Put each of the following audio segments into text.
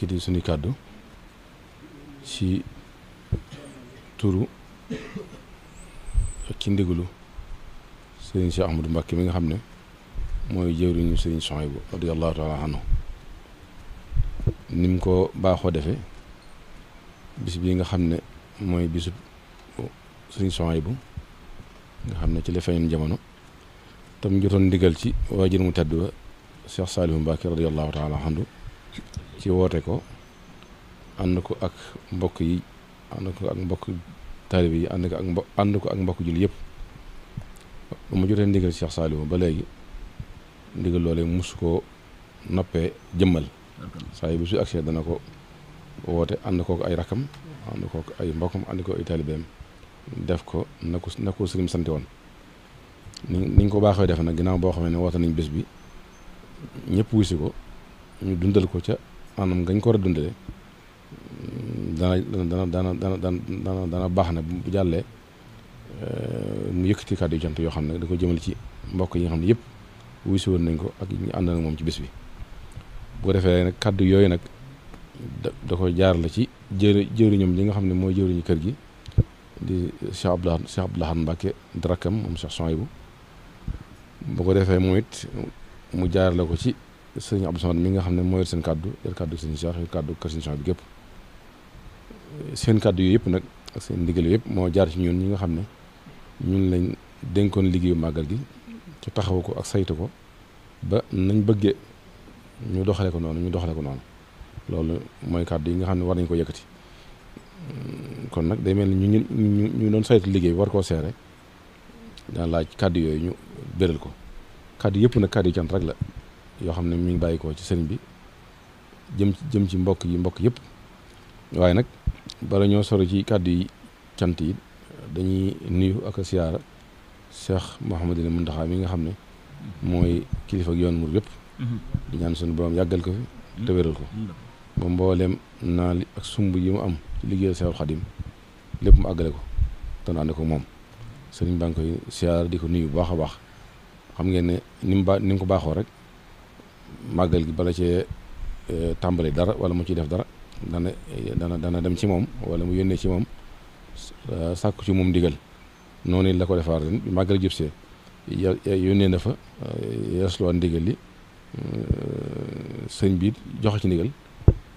yëkkati sunuy kàddu ci turu ci ndigalu sëriñ Cheikh Ahmadou Mbacké mi nga xam ne mooy jëwriñu sëriñ Souhaïbou radiyallahu taala anhu ni ko baaxoo defe bis bi nga xam ne mooy bisu sëriñ Souhaïbou nga xam ne ci la feeñoon jamono tam jotoon ndigal ci waajur mu tedd ba Cheikh Saliou Mbacké radiyallahu taala anhu ci woote ko ànd ko ak mbokk yi ànd ko ak mbokk taalibe yi ànd ko ak mbo ànd ko ak mbokk jullit yépp mu jotee ndigal Cheikh Saliou ba léegi ndigal loolee mus koo noppee jëmmal saa yi bu su agsee dana ko woote ànd kook ay rakam ànd kook ay mbokkam ànd ko ay taalibeem def ko na ko na ko sëriñ sant woon ni niñ ko baaxee def nag ginnaaw boo xam ne woote nañ bis bi ñépp wusi ko ñu dundal ko ca maanaam gañ ko war a dundale dana dana dana dana dana baax na bu jàllee euh, mu yëkkati kàddu yu cant yoo xam ne da ko ci mbokk yi nga xam ne yëpp wuy si woon nañ ko ak ñu ànd moom ci bis bi bu ko defee nag kàddu yooyu nag da ko jaar la ci jëri jëriñam li nga xam ne mooy jëriñu kër gi di Cheikh Abdoulaye Cheikh Abdoulaye Mbacke drakam moom Cheikh Souhaïbou bu ko defee moom it mu jaar la ko ci sëriñ Abdou mi nga xam ne moo yor seen kàddu yor kàddu sëriñ Cheikh yor kàddu kër sëriñ bi gépp seen kàddu yooyu yëpp nag ak seen ndigal yëpp moo jaar ci ñun ñi nga xam ne ñun lañ dénkoon liggéeyu màggal gi ci taxaw ko ak saytu ko ba nañ bëggee ñu doxale ko noonu ñu doxale ko noonu loolu mooy kàddu yi nga xam ne war nañ ko yëkkati kon nag day mel ni ñu ñu doon saytu liggéey war koo seere daan laaj kàddu yooyu ñu béral ko kàddu yëpp nag kàddu yi rek la yoo xam ne mi ngi bàyyi ko ci sëriñ bi jëm jëm ci mbokk yi mbokk yëpp waaye nag bala ñoo soro ci kàddu yi cant yi dañuy nuyu ak a siyaara Cheikh mun Mountakha mi nga xam ne mooy kilifa ak yoon mur yëpp. di ñaan suñu borom yàggal ko fi te wéral ko ba mbooleem naa li ak sumb yi mu am liggéey liggéeyal Seexul lépp mu àggale ko te ànd ko moom sëriñ baa ngi koy siyaara di ko nuyu bu baax a baax xam ngeen ne ni mu ba ni mu ko baaxoo rek màggal gi bala cee e, tàmbali dara wala mu ciy def dara dana dana dem ci moom wala mu yónnee ci moom e, sàkku ci moom ndigal noonu it la ko defar ren bi màggal jub see yónnee na fa e, yeesluwaat ndigal li sëñ bi joxe ci ndigal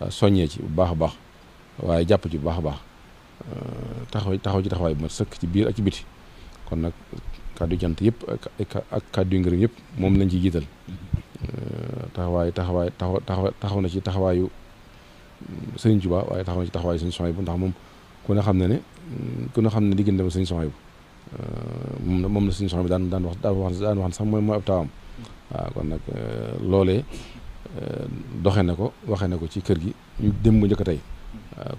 soññee ci bu baax a baax waaye jàpp ci baax a baax taxaw taxaw ci taxawaay bu mat sëkk ci biir ak ci biti kon nag kàddu jant yëpp ak kàddu ngërëm yëpp moom lañ ci jiital mm-hmm. taxawaay taxawaay taxaw taxaw na ci taxawaayu mm, Serigne Touba waaye taxaw na ci taxawaayu Serigne bu ndax moom ku ne xam ne ne mm, ku ne xam ne diggante ma Serigne Souhaïbou euh, moom na moom na Serigne Souhaïbou daan daan wax daan wax daan wax sax mooy mooy ab taawam waaw kon nag euh, loolee euh, doxe na ko waxee na ko ci kër gi ñu dem ba njëkk tey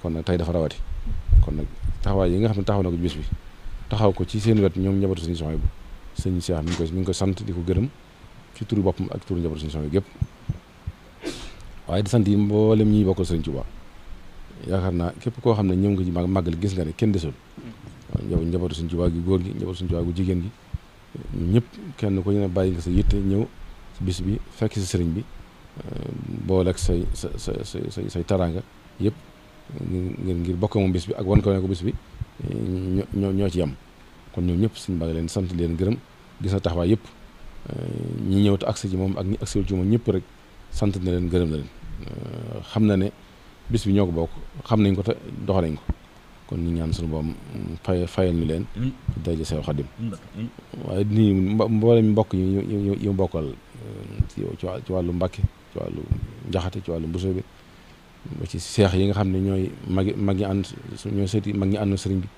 kon nag tey dafa rawati kon nag taxawaay yi nga xam ne taxaw na ko ci taxaw ko ci seen wet ñoom njabootu Serigne Souhaïbou Serigne Cheikh mi ko mi ngi ko sant di ko gërëm ci turu boppam ak turu njaboot suñu soxna gépp waaye di sant yi mboolem ñiy bokkal sëriñ Tuubaa yaakaar naa képp koo xam ne ñëw nga ci màggal gis nga ne kenn desul hmm. waaw njabootu suñu Tuubaa gi góor gi njabootu suñu Tuubaa gu jigéen gi kenn ku ñu ne bàyyi nga sa yitte ñëw ci bis bi fekk sëriñ bi euh, boole sa sa say say taraanga yëpp ngir ngir bokk moom bis bi ak wan ko ne ñoo ci yam kon ñoom ñëpp suñu bàyyi leen sant leen gërëm gis na taxawaay yëpp Euh, ñi ñëw te agsi moom ak ñi agsiwul ci moom ñëpp rek sant na leen gërëm na leen euh, xam na ne bis bi ñoo ko bokk xam nañ ko te doxa ko kon ñu ñaan suñu boom fay fayal ñu leen mm. daje sew xadim mm, waaye nii mboolem mbokk yi ñu ñu bokkal euh, ci wàllu mbàkke ci wàllu njaxate ci wàllu mbusoo bi ba ci seex yi nga xam ne ñooy magi mag ñi ànd ñooy seeti mag ñi ànd sëriñ bi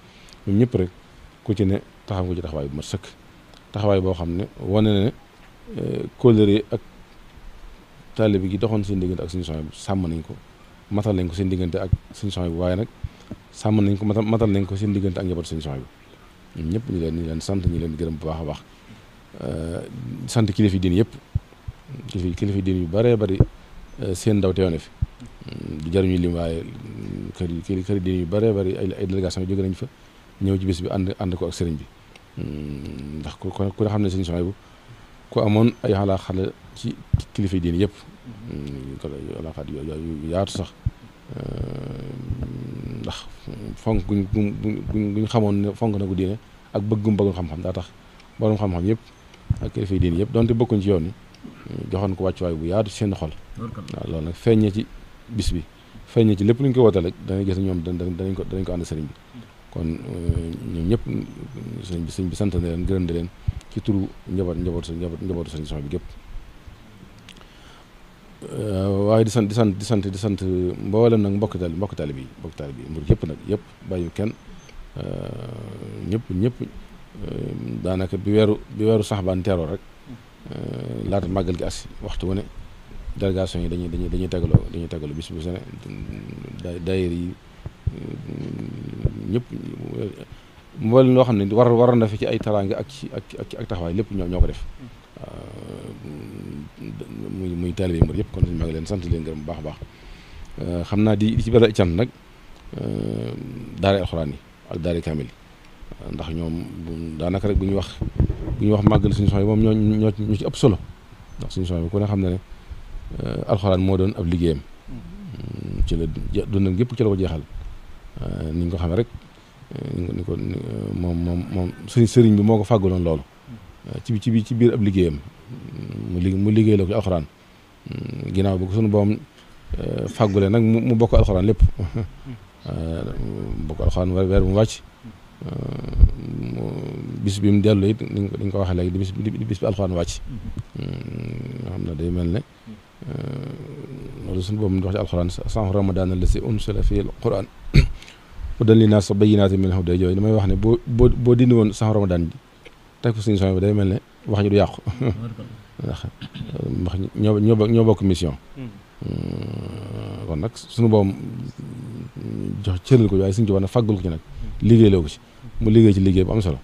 ñoom ñëpp rek ku ci ne taxaw ko ci taxawaay bu mat sëkk taxawaay boo xam ne wane ne euh, kóllëre ak taalibe gi doxoon seen diggante ak suñu soxna sàmm nañ ko matal nañ ko seen diggante ak suñu soxna bi waaye nag sàmm nañ ko matal nañ ko seen diggante ak njaboot suñu soxna bi ñun ñëpp ñu leen ñu leen sant ñu leen gërëm bu baax a baax euh, sant kilifa diin yëpp kilifa kilifa diin yu bare bari euh, seen ndaw teew na fi du jar lim waaye kër yi diin yu bëree bari ay délégation yi jóge nañ fa ñëw ci bi ànd ànd ko ak sëriñ bi. Hmm, ndax ku ku ne xam ne sëñ Suhaybu ku amoon ay xalaa xale ci kilifa diine yëpp hmm, alaaxaat yooyu yaatu sax hmm, ndax fonk guñ guñ xamoon ne fonk na ku diine ak bëggum bëggum xam-xam daa tax borom xam-xam yëpp ak kilifa diine yëpp donte bokkuñ ci yoon yi joxoon ko wàccuwaay bu yaatu seen xol waaw loolu nag feeñee ci bis bi feeñee ci lépp lu ñu ko woote rek danañ gis ñoom danañ ko danañ ko ànd sëriñ bi kon euh, ñoom ñëpp sëñ bi sëñ bi sant leen gërëm na leen ci turu njaboot sa njabootu sëñ euh, waaye di sant sant sant di sant mboolem nag mbokk taal mbokk bi mbokk taal bi mbir nag yëpp bàyyiwu kenn euh, ñëpp ñëpp daanaka bi weeru bi weeru saxbaan rek laata màggal gi as waxtu wu ne yi dañuy dañuy dañuy tegaloo dañuy tegaloo bis bu sene yi ñëpp mboolem loo xam ne waral war na fi ci ay taraanga ak ci ak ak taxawaay lépp ñoo ñoo ko def mm. muy muy taalibe mbir yëpp kon maa ngi leen sant leen gërëm bu baax baax xam naa di di ci bëri cant nag euh, daara alxuraan yi ak daara kaamil ndax ñoom daanaka rek bu ñuy wax bu ñuy wax màggal suñu soxla moom ñoo ñoo ñu ci ëpp solo ndax suñu soxla ku a xam ne ne euh, alxuraan moo doon ab liggéeyam. Mm. Mm, ci la dundam gépp ci la ko jeexal. Euh, ni ñu ko xamee rek euh, ni ko euh, moom moom moom sëriñ sëriñ bi moo ko fàggaloon loolu ci ci bi ci biir ab liggéeyam mu liggéey mu liggéey la ko ci alxuraan mm, ginnaaw bi ko sunu boom fàggule nag mu bokk alxuraan lépp bokk alxuraan weer bu mu wàcc bis bi mu dellu it ni ñu ko waxee léegi di bis di bis bi alxuraan wàcc mm, nga xam ne day mel ne loolu sunu boom di wax ci alxuraan sànq ramadan la si unsila fi alxuraan dalli naa sa bayyinaati min hudaa yooyu damay wax ne boo boo boo dindi woon sax ramadaan ji teg si suñu son bi day mel ne wax ñu du yàqu ndax wax ñoo ñoo bokk mission hmm. kon nag suñu boom jox cëral ko waaye suñu ci war na faggul ci nag liggéey loo mu liggéey ci liggéey bu am solo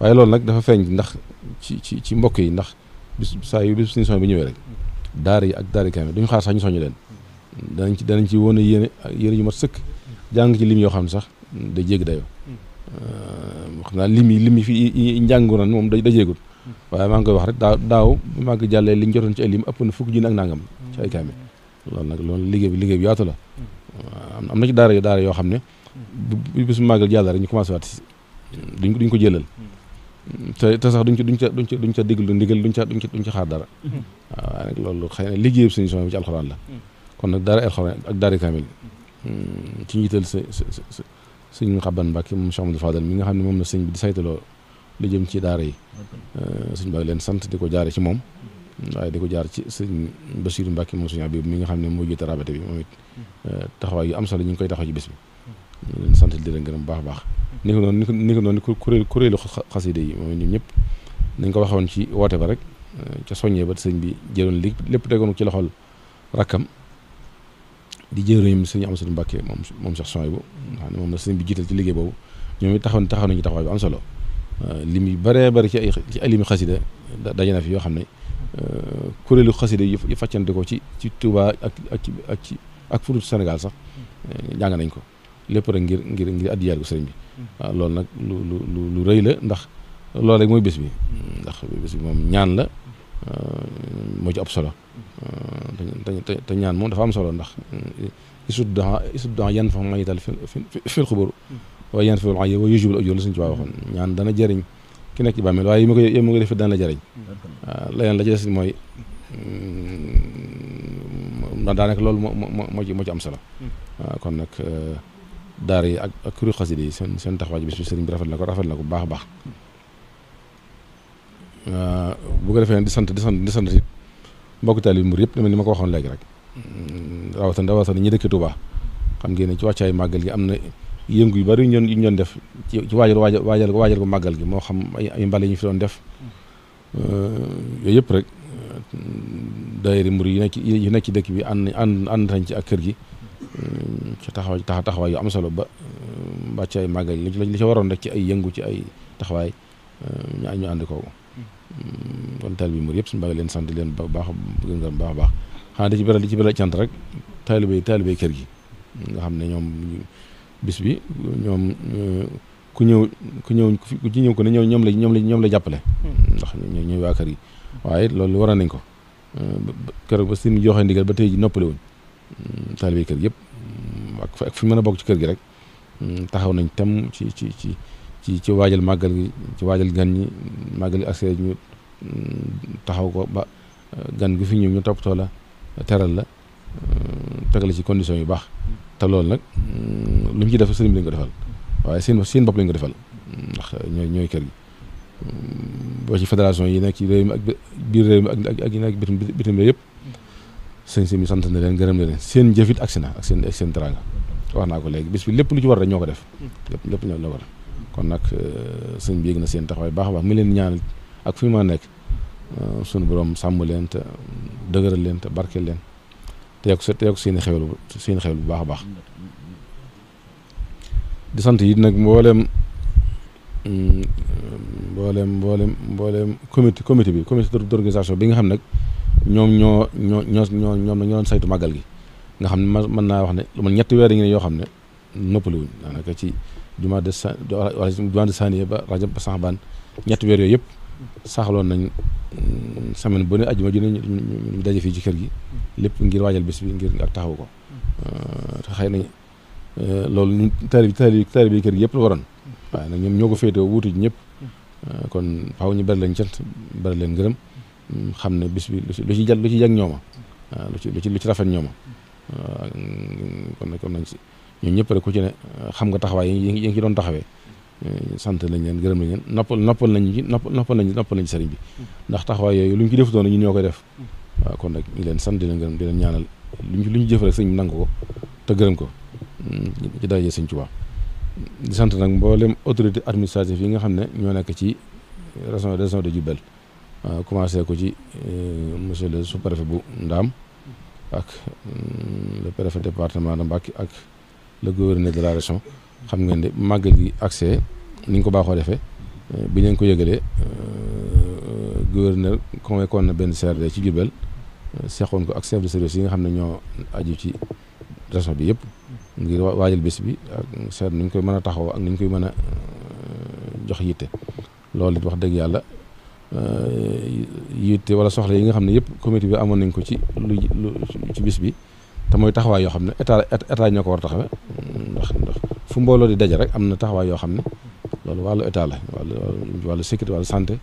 loolu nag dafa feeñ ndax ci ci ci mbokk yi ndax bis saa yu bis suñu bi ñëwee rek daara yi ak daara kaamil duñu xaar sax ñu soñu leen danañ ci danañ ci woon a yéene yéene yu sëkk jàng ci lim yoo xam ne sax da jégg dayo euh, xam naa lim yi lim yi fi njàngoon moom da jéegul waaye maa ngi koy wax rek daaw daaw maa ngi jàllee li ñu jotoon a ay lim ëpp na fukki junni ak nangam ci ay kaamil nag loolu liggéey bi liggéey la am na ci daara daara yoo xam ne bu bis màggal jàll rek ñu commencé waat duñ duñ ko jëlal te te sax duñ ca duñ ca duñ ca duñ ca déglu ndigal duñ ca duñ ca duñ ca xaar dara waaw waaye nag loolu xëy na liggéey suñu soxna bi ci alxuraan la kon nag ak daara kaamil mm, ci njiital sëñ Mouhaban Mbacke moom Cheikh Amadou Fadal mi nga xam ne moom la sëñ bi di saytaloo lu jëm ci daara yi euh, sëñ baa leen sant di ko jaare ci moom waaye di ko jaar ci sëñ Bassirou Mbacke moom sëñ Abib mi nga xam ne moo jiite rabate bi moom it euh, taxawaay yu am solo ñu ngi koy taxaw bi ñu leen sant di leen gërëm baax baax ni ko noonu ni ko noonu kuréel kuréelu xasida yi moom ñoom ñëpp nañ ko waxoon ci woote ba rek euh, ca soññee ba sëñ bi jëloon li lépp tegoon ci loxol rakkam di jëriñam sëñ Amsatu Mbàkke moom moom Cheikh Souhaïbou xam ne moom la sëñ bi jiital ci liggéey boobu ñoom it taxaw taxaw nañu taxawaay bu am solo euh, lim yu bëree bëri ci ay ci limi xasida daje na fi yoo xam ne euh, kuréelu xasida yi fàccante ko ci ci Touba ak ak ci ak ci ak fudut Sénégal sax euh, jàng nañ ko lépp rek ngir ngir ngir addiyaar ko sëriñ bi waaw loolu nag lu lu lu rëy la ndax loolu rek mooy bés bi ndax bés bi moom ñaan la moo ci ëpp solo te te ñaan moom dafa am solo ndax isut daa isut daa yan fa mayital fi fi fil xubur waaye yan fa waaye wa yujibul ujur la suñu ci waxoon dana jëriñ ki nekk ci bàmmeel waaye yi ma ko yi ma ko la jëriñ si la ci des mm, mm, loolu moo moo moo moo ci am solo kon nag euh, daara yi ak ak kuréel xasida yi seen seen bi bis bi sëriñ bi rafet na ko rafet na bu baax baax Euh, bu ko defee nag di sant di sant di sant it mbokk taalibe murid yëpp dama ni ma ko waxoon léegi rek mm, rawatina rawatina ñi dëkk Touba xam ngeen ne ci wàccaay màggal gi am na yëngu yu bari yu ñu doon def ci waajal waajal waajal ko màggal gi moo xam ay ay mbale yi ñu fi doon def euh, yooyu yëpp rek mm, daayira murid yi nekk yu nekk ci dëkk bi ànd ànd ànd nañ ci ak kër gi mm, ci taxawaay taxawaay yu am solo ba wàccaay màggal gi li ci waroon rek ci ay yëngu ci ay taxawaay euh, ñu ànd ko. Mm, kon taalibe murid yëpp suñu baa ngi leen sant di leen baax gën gërëm baax baax xanaa da ci beral di ci beral cant rek taalibe taalibe kër gi nga xam ne ñoom bis bi ñoom eh, ku ñëw ku ñëw ku ci ñëw ku ne ñoom la ñoom la la jàppale hmm. ndax ñooy waa kër gi waaye loolu waroon nañ ko eh, keroog ba sin joxe ndigal ba tey ji noppale wuñ hmm, taalibe kër gi yëpp hmm, ak fi mën a bokk ci kër gi rek taxaw nañ tem ci ci ci ci ci waajal màggal gi ci waajal gan ñi màggal gi accès ñu mm, taxaw ko ba euh, gi fi ñëw ñu toppatoo la teral la euh, tegal ci condition yu baax te loolu nag mm, lu mu def sëriñ bi lañ ko defal waaye seen seen bopp lañ ko ñooy ñooy kër gi mm, boo ci yi nekk ak biir réew mi ak ak yi nekk bitim bitim réew yëpp sëñ si sant na leen gërëm na seen jëfit agsi na ak seen ak seen wax naa ko léegi bis bi lépp lu ci war rek ñoo ko def lépp lépp ñoo ko def kon nag euh, sëñ bi yëg na seen taxawaay baax a baax mi leen ñaan ak fi ma nekk euh, suñu borom sàmm leen te dëgëral leen te barkeel leen te yokk te yokk seen i xewal seen i bu baax a baax di sant yi nag mbooleem mm, mboolem mboolem mboolem comité comité bi comité d'organisation bi nga xam nag ñoom ñoo ñoo ñoo ñoom ñoo doon màggal gi nga xam ne ma mën naa wax ne lu ma ñetti weer yi ngi ne yoo xam ne noppaliwuñ daanaka ci jumaa de sa jumaa de saniye ba rajab ba saxbaan ñetti weer yooyu yëpp saxaloon nañ mm, semaine bu ne ajjuma ju ne ñu daje fii ci kër gi lépp ngir waajal bés bi ngir ak taxaw ko euh, xëy na euh, loolu ñu taari taari taari bi kër gi yëpp la waroon waaye nag ñoom ñoo ko féetewoo wuutu ji ñëpp euh, kon faaw ñu bari leen cant bari leen ngërëm mm, xam ne bis bi lu ci jàll lu ci jag ñooma lu ci lu ci rafet ñooma mm, kon nag kon si ñun ñëpp rek ku ci ne euh, xam nga taxawaay yi yi ngi doon taxawee euh, sant lañ leen gërëm lañ leen noppal noppal nañ ci noppal nañ noppal nañ ci sëriñ bi ndax taxawaay yooyu lu ñu ci def ñoo koy def waaw kon nag ñu leen sant di leen gërëm di leen ñaanal lu ñu lu ñu jëf rek sëriñ bi nangu ko te gërëm ko hmm, ci daraje sëriñ Tuubaa di sant nag mboolem autorité administrative yi nga xam ne ñoo nekk ci région région de Diourbel commencé ko ci euh, monsieur le sous-préfet bu Ndaam ak hmm, le préfet département de ak le gouverneur de la région xam nga ne màggal gi accès ni ñu ko baaxoo defee eh, bi ñu ko yëgalee euh, gouverneur convoqué woon na benn CRD ci Diourbel euh, seexoon ko ak chef de service yi nga xam ne ñoo aju ci région bi yëpp ngir waajal bés bi ak seet ni ñu koy mën a taxaw ak ni ñu koy mën a euh, jox yitte loolu it wax dëgg yàlla yitte wala soxla yi nga xam ne yëpp comité bi amoon nañ ko ci ci bis bi te mooy taxawaay yoo xam ne état état ñoo ko war a taxawee ndax ndax fu mbooloo di daja rek am na taxawaay yoo xam ne loolu wàllu état la wàllu wàllu sécurité wàllu santé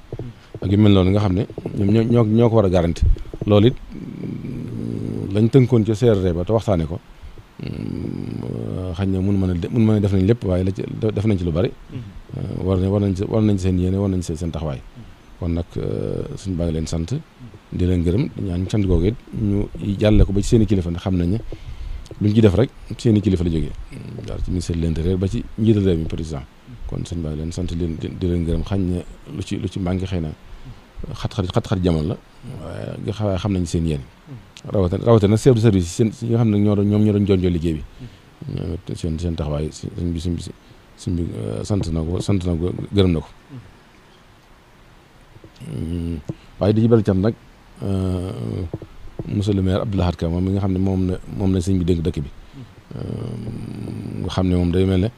ak yu mel noonu nga xam ne ñoom ñoo ñoo ko war a garanti loolu it mm, lañ tënkoon ci CRD ba te waxtaanee ko mm, xañ na mun mën a mun mën a def nañ lépp waaye la def nañ ci lu bari. Mm-hmm. Euh, war nañ war nañ war nañ seen yéene war nañ seen taxawaay mm-hmm. kon nag euh, suñu baa leen sant. di leen gërëm ñaan sant ko ba ci seen i kilifa ndax xam nañ ne lu ci def rek seen i kilifa la jógee daal ci ministère de ba ci njiital réew mi président kon sëñ baa leen sant leen di leen ci lu ci manqué xëy na xat-xat xat-xat la waaye xawaay xam nañ seen yéen rawatina rawatina chef de service seen yi nga ñoo doon ñoom ñoo doon jonjoo liggéey bi seen seen taxawaay sëñ bi sëñ bi sëñ bi euh, sant na ko sant na ko gërëm na ko hmm. waaye di ci bari cam nag monsieur le maire Abdou Lahad Ka mi nga xamne mom mom la seigne bi deug dëkk bi euh nga xamne mom day melne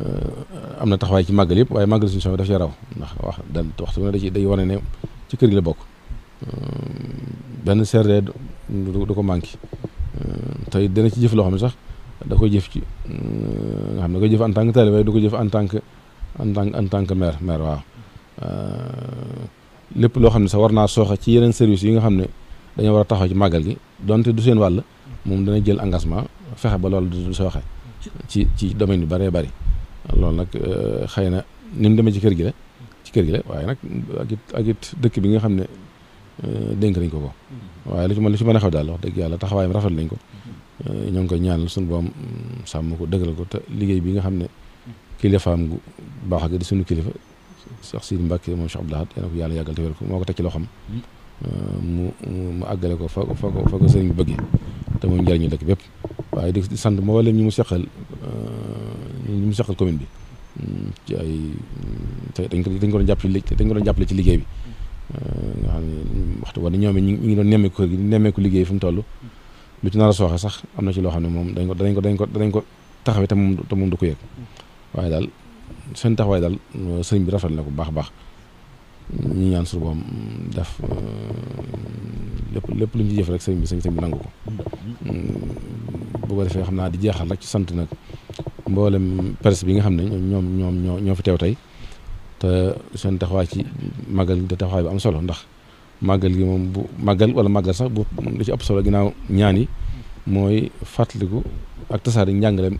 euh amna taxaway ci magal yep waye magal suñu sama daf ci raw ndax wax dal waxtu ne da ci day wone ne ci keur gi la bok euh ben serre du ko manki euh tay dina ci jëf lo xam sax da koy jëf ci nga xamne da koy jëf en tant que taalibe du ko jëf en tant que en tant que maire maire waaw. euh lépp loo xam ne sa war naa sooxe ci yeneen service yi nga xam ne dañoo war a taxaw ci màggal gi donte du seen wàll moom dana jël engagement fexe ba loolu du sooxe ci ci domaine yu bëree bëri loolu nag euh, xëy na ni mu ci kër gi la ci kër gi la waaye nag ak it ak it dëkk bi nga xam ne euh, dénk nañ ko ko waaye lu ci mën lu ci mën a xew daal wax dëgg yàlla taxawaayam rafet ko euh, ñoo ngi koy suñu boom mm, sàmm ko dëggal ko te liggéey bi nga xam ne kilifaam gu baax gi di suñu kilifa Cheikh Sidi Mbacke moom Cheikh Abdou Lahad yal na ko yàlla yàggal te wér ko moo ko teg ci loxoom hmm. euh, mu mu àggale ko fa ko fa ko fa ko sëriñ bi bëggee te moom njëriñu dëkk bépp waaye di sant mboolem ñi mu seqal euh, ñi mu seqal commune bi hmm, ci ay hmm, te dañ ko dañ ko doon jàppale dañ ko doon jàppale ci liggéey bi euh, nga xam ne waxtu wala ñoom ñu ngi doon nemmeeku kër nemmeeku liggéey fi mu toll lu ci nar sax am na ci loo xam ne moom dañ ko dañ ko dañ ko dañ ko taxawee te moom te moom du ko yëg waaye daal seen taxawaay daal euh, sëriñ bi rafet na ko baax a baax ñu ñaan suñu def euh, lépp lépp lu ñu jëf rek sëriñ bi sëriñ bi nangu ko mm, bu ko defee xam naa di jeexal rek ci sant nag mboolem presse bi nga xam ne ñoom ñoom ñoo ñoo fi teew tey te seen taxawaay ci màggal te taxawaay am solo ndax màggal gi moom bu màggal wala màggal sax ci ëpp solo ginnaaw ñaan yi mooy fàttaliku ak tasaare njàngaleem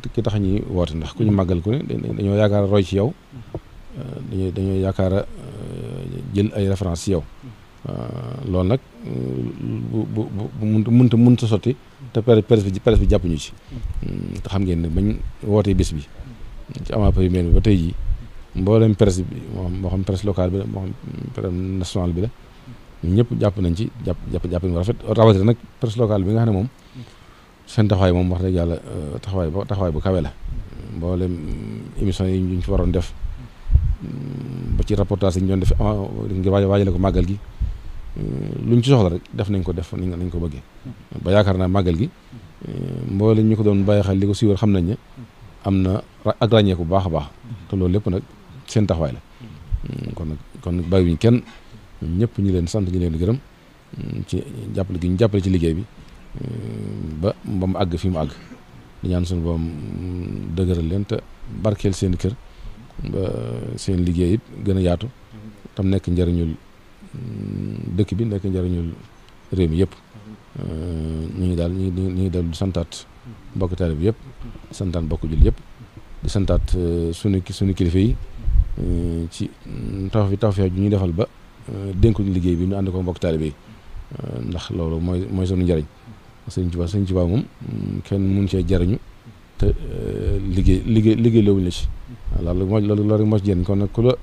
ki tax ñuy woote ndax ku ñu màggal ku ne dañoo yaakaar roy ci yow dañoo dañoo yaakaar a euh, jël ay référence ci yow euh, loolu nag bu bu munta munta sotti te presse bi presse bi jàppuñu ci hmm, te xam ngeen ne bañ wootee bés bi ci avant première bi ba tey jii mboolem presse bi moo xam presse locale bi la xam presse bi la ñëpp jàpp nañ ci jàpp jàpp jàpp rafet rawatina nag presse locale bi nga xam ne seen taxawaay moom wax dëgg yàlla euh, taxawaay ba taxawaay bu kawe la mboolem mm, émission yi ñu fi waroon def mm, ba ci reportage yi ñu doon def ah, ngir waajale ko màggal gi mm, luñ ci soxla rek def nañ ko def nañ ko bëggee ba yaakaar naa màggal gi mboole ñu ko doon bàyyi xel li ko siiwal xam nañ ne am na ag ràññee bu baax a baax te loolu lépp nag seen taxawaay la kon nag kon nag bàyyiwuñ kenn ñëpp ñu leen sant ñu leen gërëm ci jàppale gi ñu jàppale ci liggéey bi ba ba àgg fi mu àgg di ñaan suñu boom dëgëra leen te barkeel seen kër ba seen liggéey it gën a yaatu tam nekk njariñul mm, dëkk bi nekk njëriñul réew mi yëpp ñu ngi daal ñu ngi ñu ngi daal di santaat mbokk taalibe bi yëpp santaat mbokk jul yëpp di santaat sunu sunu kilifa yi ci taw fi taw fi ju ñuy defal ba dénkuñu liggéey bi ñu ànd ko mbokk taalibe bi ndax loolu mooy mooy sunu njëriñ sëñ Tuubaa sëñ Tuubaa moom mm, kenn mun cee jariñu te euh, liggéey liggéey liggéey lawuñ la ci loolu mooy loolu loolu moo ci kon nag ku la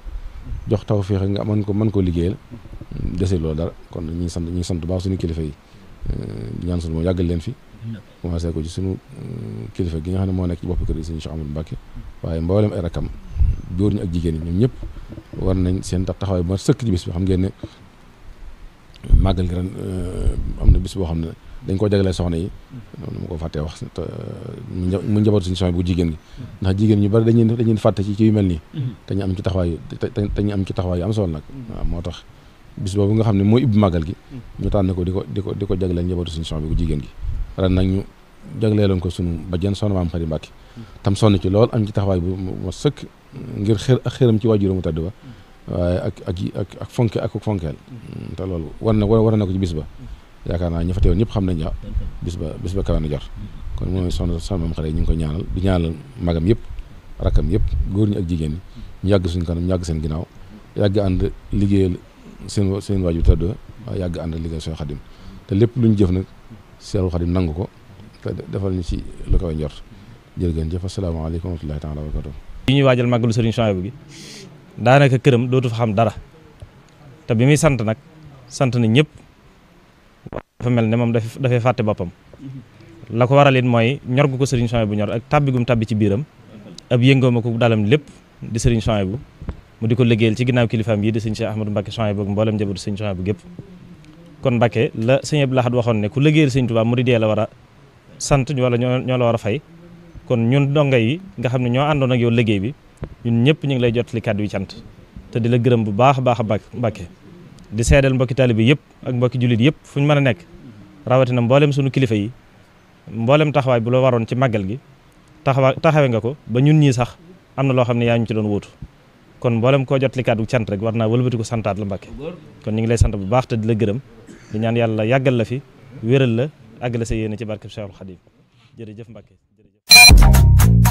jox taw féexe nga mën ko mën koo liggéeyal mm, dese loolu dara kon ñu ngi sant ñu ngi sant baax suñu kilifa yi euh, ñaan suñu moo yàggal leen fi commencé ko ci suñu euh, kilifa gi nga xam ne moo nekk ci bopp kër yi sëñ Cheikh Amadou Mbacke waaye mboolem ay rakam ñi ak jigéen ñi ñoom ñëpp war nañ seen tax taxawaay bu ma sëkk ci xam ngeen ne màggal gi ren am na bis boo xam ne dañ koo jagleel soxna yi nu ma ko fàttee wax mu njaboot suñu soxna bu jigéen gi ndax jigéen ñu bari dañuy dañuy fàtte ci ci yu mel nii te am ci taxawaay te ñu am ci taxawaay am solo nag moo tax bis bu nga xam ne mooy ibbi màggal gi ñu tànn ko di ko di ko di ko jagleel njabootu suñu soxna bi bu jigéen gi ren nag ñu jagleeloon ko suñu bajeen soxna am Xari Mbàkke tam sonn ci lool am ci taxawaay bu ma sëkk ngir xër ak xëram ci waajur mu tedd ba waaye ak ak ak ak fonke ak fonkeel te loolu war na war na ko ci bis ba yaakaar naa ñi fa ñëpp xam nañ mm-hmm. bis ba bis ba kawe na jot mm-hmm. kon moom soxna soxna Maam Xari ñu ngi ko ñaanal di ñaanal magam yëpp rakkam yëpp góor ñi ak jigéen ñi mm-hmm. ñu yàgg suñ kanam ñu yàgg seen ginnaaw yàgg ànd liggéeyal seen seen waaju tëdd yàgg ànd liggéeyal seen xadim te lépp lu ñu jëf nag seeru xadim nangu ko defal ñu ci lu koy njort jërëgeen jëf asalaamaaleykum wa rahmatullahi taala wa barakatuh yi ñuy waajal màggalu Serigne Souhaïbou gi daanaka këram dootu fa xam dara te bi muy sant nag sant na ñëpp dafa mel ne moom dafay fàtte boppam la ko waral it mooy ñor ko sëriñ Souhaïbou bu ñor ak tàbbi gum tàbbi ci biiram ab yëngoo ma ko dalam lépp di sëriñ Souhaïbou bu mu di ko liggéeyal ci ginnaaw kilifaam yi di sëñ Cheikh Ahmadou Mbacké Souhaïbou bu mboolem njabootu sëñ Souhaïbou bu gépp kon Mbacké la sëñ Abdou Lahad waxoon ne ku liggéeyal sëñ di murid la wara a sant wala ñoo ñoo la war a fay kon ñun dongo yi nga xam ne ñoo àndoon ak yow liggéey bi ñun ñëpp ñu ngi lay jotali kàddu yi cant te di la gërëm bu baax a baax a Mbacké di seedal mbokki taalibe yëpp ak mbokki jullit yëpp fu ñu mën a nekk rawatina mboolem sunu kilifa yi mboolem taxawaay bu la waroon ci màggal gi taxawa taxawe nga ko ba ñun ñii sax am na loo xam ne yaa ñu ci doon wóotu kon mboolem koo jot li kàddu cant rek war naa wëlbati ko santaat la Mbàkke kon ñu ngi lay sant bu baax te di la gërëm di ñaan yàlla yàggal la fi wéral la àgg la sa yéene ci barkeb Cheikhul Khadim jërëjëf Mbàkke jërëjëf